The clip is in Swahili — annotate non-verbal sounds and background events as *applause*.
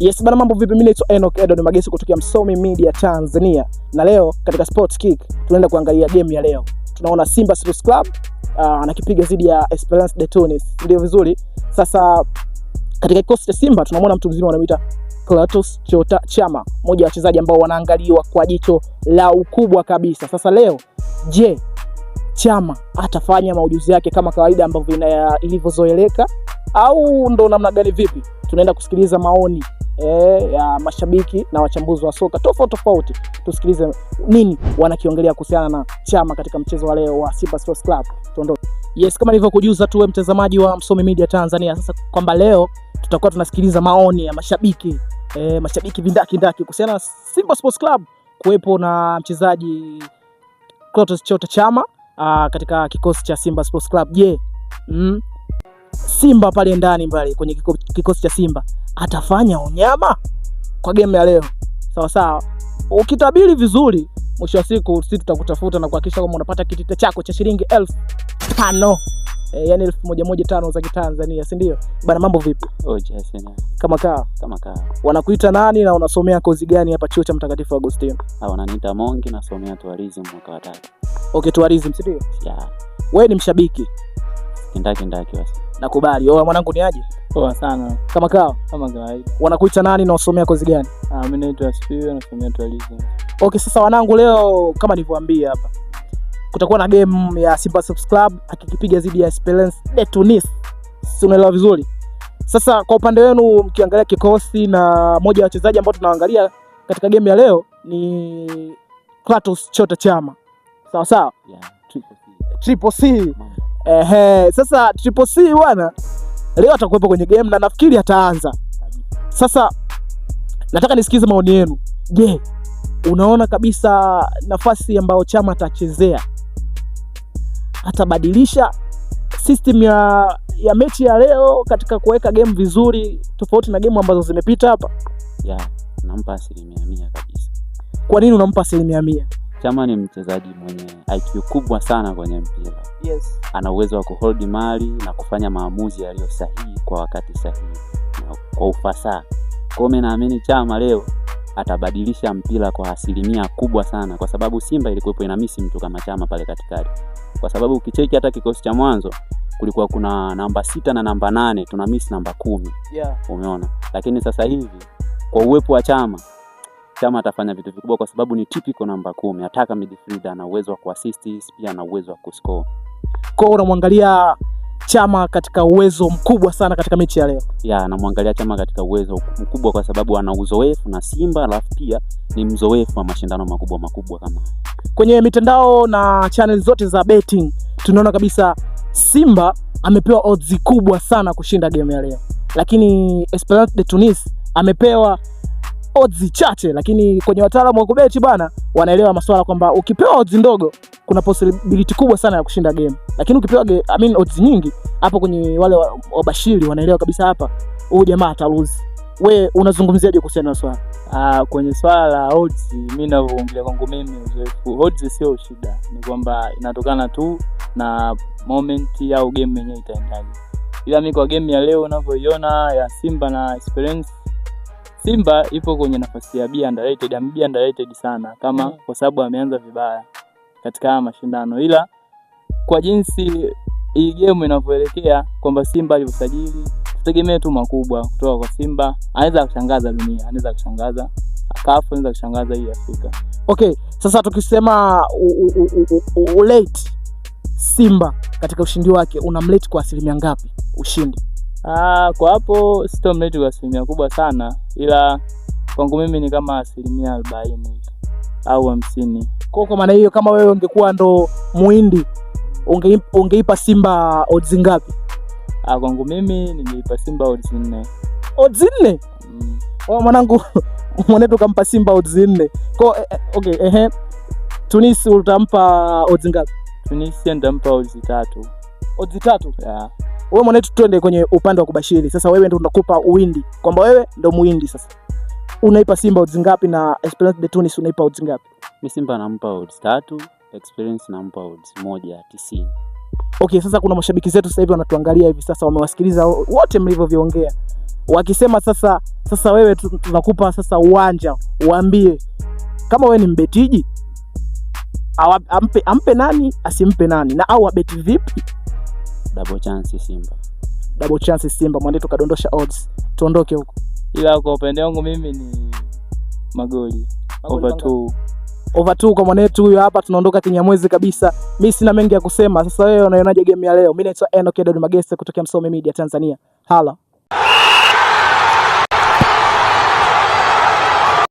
Yes bana, mambo vipi? Mimi naitwa Enoch Edward Magesi kutoka Msomi Media Tanzania, na leo katika Sport Kick tunaenda kuangalia game ya leo. Tunaona Simba Sports Club ah, anakipiga uh, dhidi ya Esperance de Tunis, ndio vizuri. Sasa katika kikosi cha Simba tunamwona mtu mzima anamuita Clatous Chota Chama, mmoja wa wachezaji ambao wanaangaliwa kwa jicho la ukubwa kabisa. Sasa leo, je, Chama atafanya maujuzi yake kama kawaida ambavyo ilivyozoeleka au ndo namna gani? Vipi, tunaenda kusikiliza maoni e, ya mashabiki na wachambuzi wa soka tofauti tofauti. Tusikilize nini wanakiongelea kuhusiana na Chama katika mchezo wa leo wa Simba Sports Club. Tuondoke. Yes, kama nilivyokujuza tu mtazamaji wa Msomi Media Tanzania, sasa kwamba leo tutakuwa tunasikiliza maoni ya mashabiki e, mashabiki vindaki ndaki kuhusiana na Simba Sports Club kuwepo na mchezaji Clatous Chota Chama a, katika kikosi cha Simba Sports Club. Je, yeah. mm, Simba pale ndani pale kwenye kikosi cha Simba atafanya unyama kwa game ya leo sawa sawa. Ukitabiri vizuri, mwisho wa siku sisi tutakutafuta na kuhakikisha kwamba unapata kitita chako cha shilingi elfu tano e, yani elfu moja moja tano za Kitanzania, si ndio bana? Mambo vipi? Oh, kama kaa kama kaa. Wanakuita nani na unasomea kozi gani hapa chuo cha Mtakatifu Agostino? Ah, wananiita Mongi, nasomea tourism mwaka wa tatu. Okay, tourism si ndio? Yeah. Wewe ni mshabiki kindaki ndaki wasi Nakubali. Oa mwanangu ni aje? Poa sana. Kama kawa? Kama kawaida. Wanakuita nani na unasomea kozi gani? Ah, mimi naitwa na nasomea tourism. Okay, sasa wanangu, leo kama nilivyowaambia hapa kutakuwa na game ya Simba Sports Club akikipiga dhidi ya Esperance de Tunis. Si unaelewa vizuri? Sasa kwa upande wenu mkiangalia kikosi na moja ya wachezaji ambao tunaangalia katika game ya leo ni Kratos Chota Chama. Sawa sawa? Yeah, triple C. Triple C. Ehe, sasa Triple C bwana leo atakuwepo kwenye game na nafikiri ataanza. Sasa nataka nisikize maoni yenu. Je, unaona kabisa nafasi ambayo Chama atachezea atabadilisha system ya, ya mechi ya leo katika kuweka game vizuri tofauti na game ambazo zimepita hapa? Yeah, nampa asilimia mia kabisa. Kwa nini unampa asilimia mia? Chama ni mchezaji mwenye IQ kubwa sana kwenye mpira. Yes. Ana uwezo wa kuhold mali na kufanya maamuzi yaliyo sahihi kwa wakati sahihi na kwa ufasaha. Kwa hiyo naamini Chama leo atabadilisha mpira kwa asilimia kubwa sana, kwa sababu Simba ilikuwepo ina mtu kama Chama pale katikati, kwa sababu ukicheki hata kikosi cha mwanzo kulikuwa kuna namba sita na namba nane tuna misi namba kumi. Yeah. Umeona, lakini sasa hivi kwa uwepo wa Chama kama atafanya vitu vikubwa kwa sababu ni typical namba kumi, ataka midfielder, ana uwezo wa kuassist pia ana uwezo wa kuscore. Kwa unamwangalia Chama katika uwezo mkubwa sana katika mechi ya leo. Ya, namwangalia Chama katika uwezo mkubwa kwa sababu ana uzoefu na Simba, alafu pia ni mzoefu wa mashindano makubwa makubwa kama. Kwenye mitandao na channel zote za betting tunaona kabisa Simba amepewa odds kubwa sana kushinda game ya leo, lakini Esperance de Tunis amepewa odds chache, lakini kwenye wataalamu wa kubeti bwana wanaelewa masuala kwamba ukipewa odds ndogo kuna possibility kubwa sana ya kushinda game, lakini ukipewa I mean odds nyingi hapo kwenye wale wabashiri wanaelewa kabisa hapa huyu jamaa ataluzi. We unazungumziaje kuhusiana na swala ah, kwenye swala la odds? mi ninavyoongelea kwangu mimi, uzoefu odds sio shida, ni kwamba inatokana tu na moment au game yenyewe itaendaje, ila mi kwa game ya leo unavyoiona ya Simba na Esperance Simba ipo kwenye nafasi ya B underrated, am B underrated sana kama mm. kwa sababu ameanza vibaya katika haya mashindano, ila kwa jinsi hii game inavyoelekea kwamba Simba alivyosajili, tutegemee tu makubwa kutoka kwa Simba. Anaweza kushangaza dunia, anaweza kushangaza akafu, anaweza kushangaza hii Afrika. Okay, sasa tukisema ulate Simba katika ushindi wake, unamlate kwa asilimia ngapi ushindi? Ah, kwa hapo sitomleti kwa asilimia kubwa sana, ila kwangu mimi ni kama asilimia arobaini au hamsini. Kwa kwa maana hiyo, kama wewe ungekuwa ndo muhindi unge, ungeipa Simba odds ngapi? Ah, kwangu mimi ningeipa Simba odds nne. Odds nne? Mm. Oh, mwanangu *laughs* mwanetu kampa Simba odds nne. Kwa eh, eh okay, ehe. Tunisi utampa odds ngapi? Tunisi ndampa odds tatu. Odds tatu? Yeah wewe mwanetu, twende kwenye upande wa kubashiri sasa. Wewe ndo unakupa uwindi kwamba wewe ndo muwindi sasa. Unaipa Simba odds ngapi na Esperance de Tunis unaipa odds ngapi? Mimi Simba nampa odds tatu, Esperance nampa odds moja tisini. Okay, sasa kuna mashabiki zetu sasa hivi wanatuangalia hivi sasa, wamewasikiliza wote mlivyoviongea, wakisema sasa, sasa wewe tunakupa sasa uwanja, waambie kama wewe ni mbetiji, ampe, ampe nani asimpe nani na au abeti vipi? Double chance Simba, double chance Simba, mwende tukadondosha odds tuondoke huko, ila kwa upande wangu mimi ni magoli over 2 over 2 kwa mwanetu huyo hapa, tunaondoka Kinyamwezi kabisa. Mimi sina mengi ya kusema. Sasa wewe unaionaje game ya leo? Mimi naitwa Enoch Edward Magese kutokea msomi Media Tanzania. Hala.